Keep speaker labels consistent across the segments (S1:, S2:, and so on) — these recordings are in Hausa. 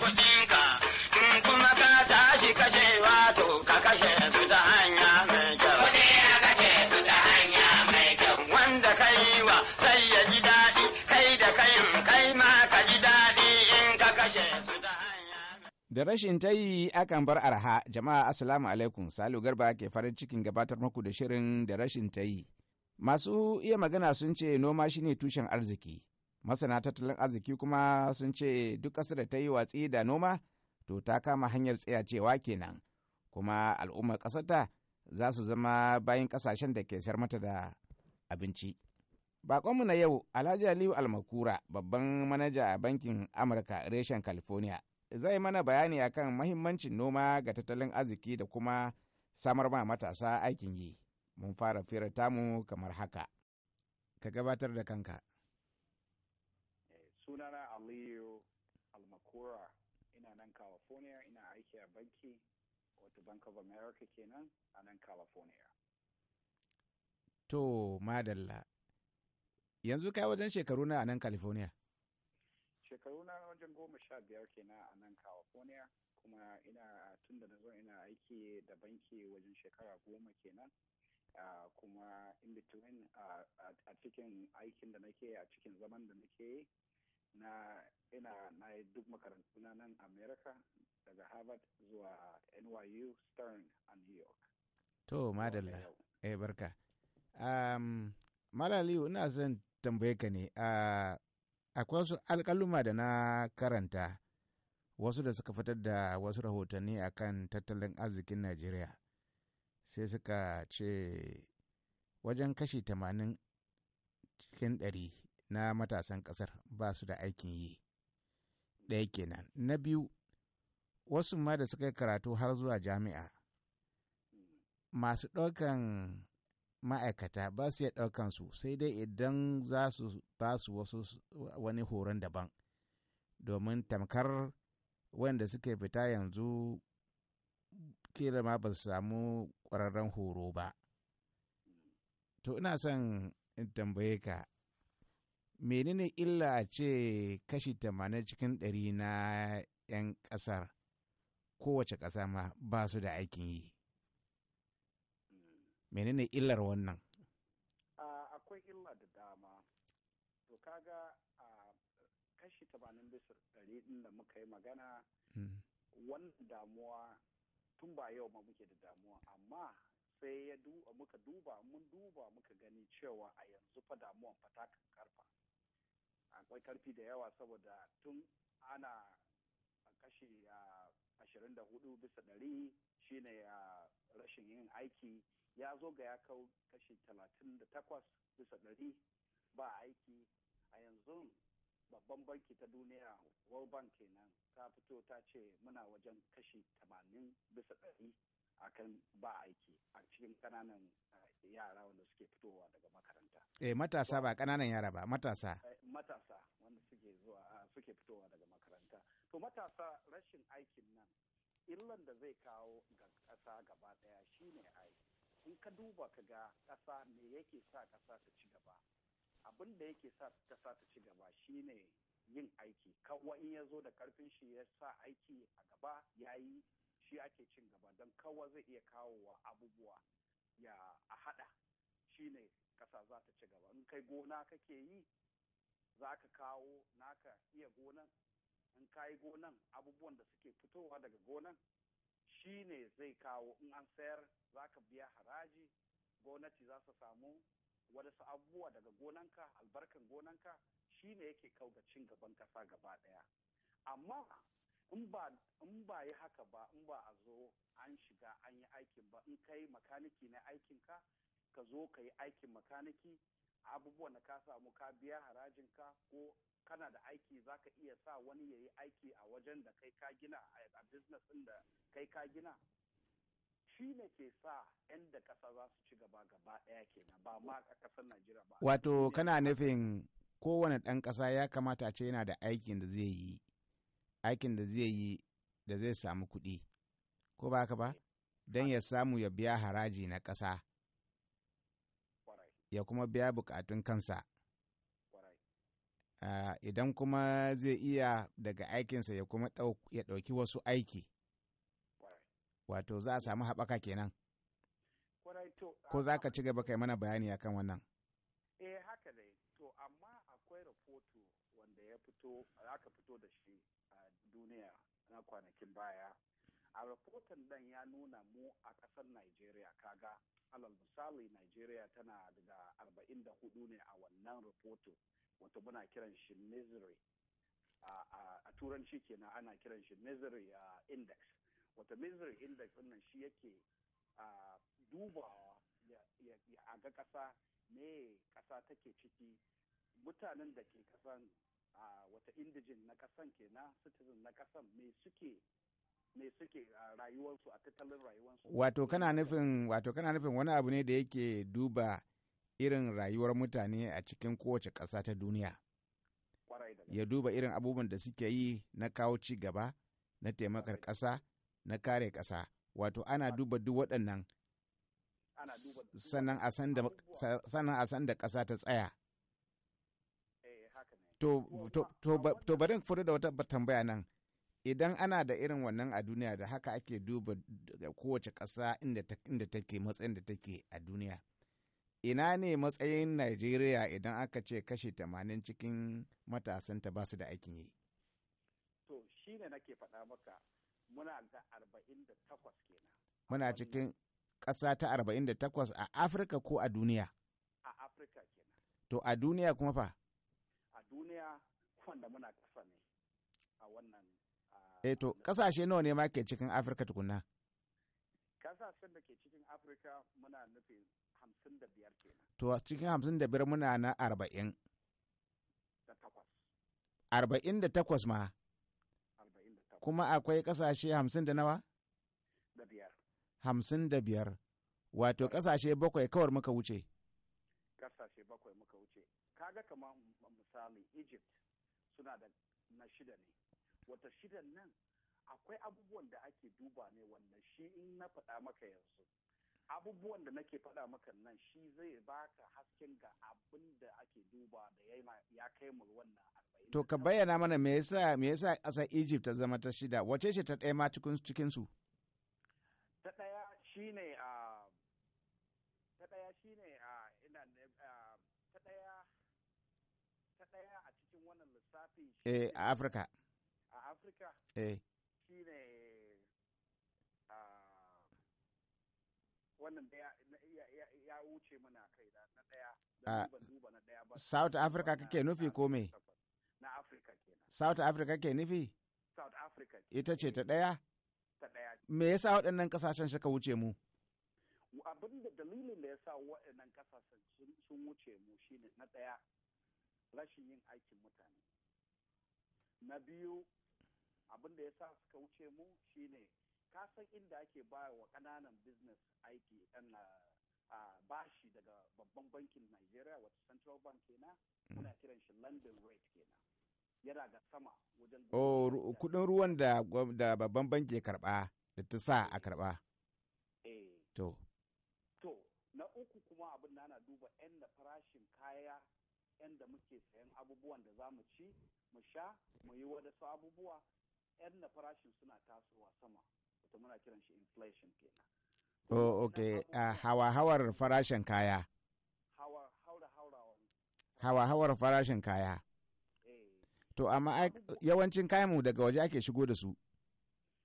S1: kuɗinka in kuma ka tashi kashe wato ka kashe su ta hanya mai kyau. kashe su ta hanya mai kyau.
S2: Wanda ka yi wa sai ya ji daɗi kai da kayan kai ma ka ji daɗi in ka kashe su ta Da rashin ta yi akan bar arha jama'a assalamu alaikum salu garba ke farin cikin gabatar muku da shirin da rashin ta yi. Masu iya magana sun ce noma shine tushen arziki. masana tattalin arziki kuma sun ce duk ƙasar da ta yi watsi da noma to ta kama hanyar tsayacewa kenan kuma al'ummar ƙasarta za su zama bayan ƙasashen da ke sayar mata da abinci baƙonmu na yau alhaji aliyu almakura babban manaja a bankin amurka reshen california zai mana bayani akan mahimmancin noma ga tattalin arziki da kuma samar ma matasa aikin yi mun fara firar tamu kamar haka ka gabatar da kanka
S1: sunana aliyu almakura ina nan california ina aiki a banki wato bank of america kenan a nan california
S2: to madalla yanzu kai wajen shekaru na a nan california
S1: shekaru na wajen goma sha biyar kenan a nan california kuma ina tun da na zo ina aiki da banki wajen shekara goma kenan Uh, kuma in between uh, a cikin aikin da nake a cikin zaman da nake na ina na yi duk makarantu na nan america daga harvard zuwa nyu stern a new
S2: york to madalla eh barka um, malali ina son tambaye ka ne uh, akwai wasu alkaluma da na karanta wasu da suka fitar da wasu rahotanni akan tattalin arzikin najeriya sai suka ce wajen kashi tamanin cikin ɗari na matasan ƙasar ba su da aikin yi ɗaya kenan na biyu wasu ma da suka yi karatu har zuwa jami'a masu ɗaukan ma'aikata ba su iya ɗaukan su sai dai idan za su ba su wasu wani horon daban domin tamkar wanda suka fita yanzu kila ma ba su samu ƙwararren horo ba to ina son in tambaye ka menene illa a ce kashi tamanin cikin 100 na 'yan kasar kowace kasa ma ba su da aikin yi menene illar wannan akwai illa da dama
S1: to kaga a kashi tamanin bisa 100 ɗin da muka yi magana hmm. wannan damuwa tun ba yau ma muke da damuwa amma sai ya muka duba mun duba muka gani cewa a yanzu fa damuwan fa ta karfa akwai karfi da yawa saboda tun ana kashi ashirin da hudu bisa ɗari shine rashin yin aiki ya zo ga ya kau kashi talatin da takwas bisa ɗari ba aiki a yanzu babban banki ta duniya world bank kenan ta fito ta ce muna wajen kashi tamanin bisa ɗari akan ba aiki a cikin kananan yara wanda suke fitowa daga makaranta.
S2: Eh matasa ba kananan yara ba matasa.
S1: Eh, ke fitowa daga makaranta to matasa rashin aikin nan illan da zai kawo ga ƙasa gaba ɗaya shine ai in ka duba ka ga ƙasa me yake sa ƙasa ta ci gaba abin da yake sa ƙasa ta ci gaba shine yin aiki kawai in ya zo da ƙarfin shi ya sa aiki a gaba ya yi shi ake cin gaba don kawa zai iya kawowa abubuwa ya a haɗa shine ƙasa za ta ci gaba in kai gona kake yi za ka kawo naka iya gonan in ka yi gonan abubuwan da suke fitowa daga gonan shi ne zai kawo in an sayar za ka biya haraji gwamnati za su samu wadansu abubuwa daga gonanka albarkan gonanka shi ne yake ga cin gaban kasa gaba ɗaya amma in ba yi haka ba in ba a zo an shiga an yi aikin ba in kai makaniki na aikinka ka zo ka yi aikin makaniki abubuwan da ka samu ka biya harajin ka ko kana da aiki za ka iya sa wani ya yi aiki a wajen da kai ka gina a business ɗin da kai ka gina shi ne ke sa 'yan da ƙasa za su ci gaba gaba ɗaya kenan ba ma a ƙasar Najeriya
S2: ba. Wato kana nufin kowane ɗan ƙasa ya kamata ce yana da aikin da zai yi aikin da zai yi da zai samu kuɗi ko ba ka ba eh, don ya samu ya biya haraji na ƙasa ya kuma biya bukatun kansa ah, idan kuma zai iya daga aikinsa ya kuma ya ɗauki wasu aiki wato za a samu haɓaka kenan ko za ka ci gaba kai mana bayani kan wannan
S1: eh haka dai to amma akwai rahoto wanda ya fito aka fito da shi a duniya na kwanakin baya a rahoton dan ya nuna mu a ƙasar Najeriya kaga alal misali Najeriya tana daga hudu ne a wannan rahoton wato muna kiran shi misery a turanci kenan ana kiran shi misery index wato misery index wannan shi yake dubawa ya ga ƙasa me ƙasa take ciki mutanen da ke ƙasan wata indijin na ƙasan kenan citizen na ƙasan me suke me suke a rayuwarsu a tattalin rayuwarsu.
S2: Wato kana nufin wato kana nufin wani abu ne da yake duba irin rayuwar mutane a cikin kowace ƙasa ta duniya. Ya duba irin abubuwan da suke yi na kawo ci gaba, na taimakar ƙasa, na kare ƙasa. Wato ana duba duk waɗannan sannan a san da ƙasa ta tsaya. Eh, to, to, bari da wata tambaya nan. idan ana da irin wannan a duniya da haka ake duba da kowace ƙasa inda take matsayin da take a duniya ina ne matsayin najeriya idan aka ce kashe tamanin cikin matasanta ba su da aikin yi
S1: to shi ne nake faɗa maka muna da 48 da kenan
S2: muna cikin ƙasa ta 48 a afirka ko a duniya
S1: a afirka kenan
S2: to a duniya kuma fa
S1: a duniya wanda muna ƙasa ne a wannan
S2: eh to kasashe nawa ne ma ke cikin afirka tukuna
S1: kasashen da ke cikin afirka muna nufin hamsin da biyar kenan
S2: to cikin hamsin da biyar muna na arba'in da takwas arba'in da takwas ma arba'in da takwas kuma akwai kasashe hamsin da nawa da biyar hamsin da biyar wato kasashe bakwai kawar muka wuce
S1: kasashe bakwai muka wuce kaga kamar misali egypt suna da na shida ne wata shidan nan akwai abubuwan da ake duba ne wannan shi in na faɗa maka yanzu abubuwan da nake faɗa maka nan shi zai baka hasken ga abin da ake duba da ya kai mu wannan
S2: arba'in. To ka bayyana mana me yasa me yasa ƙasar Egypt ta zama ta shida wace ce ta ɗaya ma cikin cikin su?
S1: Ta ɗaya shine a ah, ta ɗaya shine a ah, ina ah, ta ɗaya ta ɗaya a cikin
S2: wannan lissafi. Eh a Afirka. fahimta eh shi ne
S1: a ah, wannan daya ya ya, ya wuce mana kai da na daya da ah,
S2: duba na daya ba South Africa kake nufi ko me na Africa kenan South Africa kake nufi
S1: South Africa ita ce ta daya ta daya
S2: me yasa waɗannan kasashen suka wuce mu
S1: abin da dalilin da yasa waɗannan kasashen sun wuce mu shine na daya rashin yin aikin mutane na biyu abin da ya sa suka wuce mu shine ka san inda ake bayar wa kananan business aiki ɗan bashi daga babban bankin Nigeria wata Central Bank kenan mm. muna kiran shi London rate kenan yana da sama wajen
S2: oh kudin ruwan da da babban banki ya karba da ta sa a karba eh to
S1: to na uku kuma abin da ana duba yan da farashin kaya yan da muke sayan abubuwan da za mu ci mu sha mu yi wadansu abubuwa yan na farashin suna tasowa sama wata muna kiran shi inflation kenan
S2: oh okay uh, hawa hawar farashin kaya hawa haura haurawa hawa hawar farashin kaya eh. to amma yawancin kayan mu daga waje ake shigo da su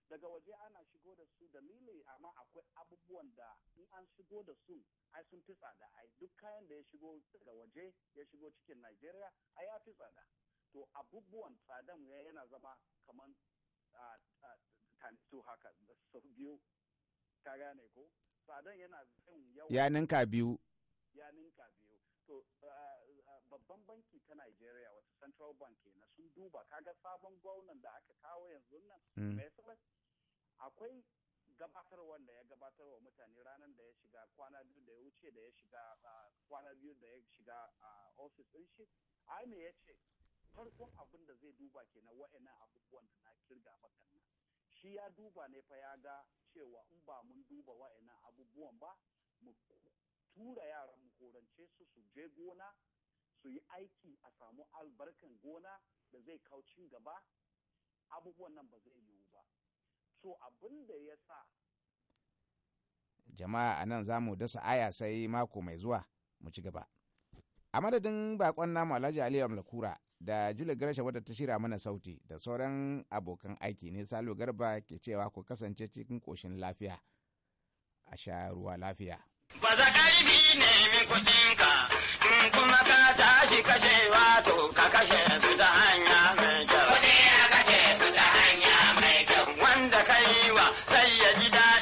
S2: daga waje ana
S1: shigo da su dalili amma akwai abubuwan da in an shigo da su ai sun fi tsada ai duk kayan da ya shigo daga waje ya shigo cikin Najeriya ai ya fi tsada to abubuwan tsadan yana zama kamar tantu haka sau biyu ka gane ko tsadan yana zan yawa ya ninka biyu ya ninka biyu to babban banki ta Najeriya wata central bank na sun duba kaga sabon gwamnan da aka kawo yanzu nan mai hmm. akwai gabatar wanda ya gabatar wa mutane ranar da ya shiga kwana biyu da ya wuce da ya shiga kwana biyu da ya shiga ofis din shi me ya ce farkon abin da zai duba kenan wa'annan abubuwan da na kirga maka nan shi ya duba ne fa ya ga cewa in ba mun duba wa'annan abubuwan ba mu tura yaran mu horance su su je gona su yi aiki a samu albarkan gona da zai ci gaba abubuwan nan ba zai yiwu ba so abin da ya sa
S2: jama'a a nan za mu dasa aya sai mako mai zuwa mu ci gaba a madadin bakon namu alhaji aliyu amlakura da Jule garsha wadda ta shira mana sauti da sauran abokan aiki ne Salo Garba ke cewa ku kasance cikin koshin lafiya a sha ruwa lafiya.
S1: Baza ƙarfi nemi kuɗinka in kuma ka tashi kashe wato ka kashe su ta hanya mai kyau. Kuɗi kashe su ta hanya mai kyau. Wanda ka yi wa sai ya ji daɗi.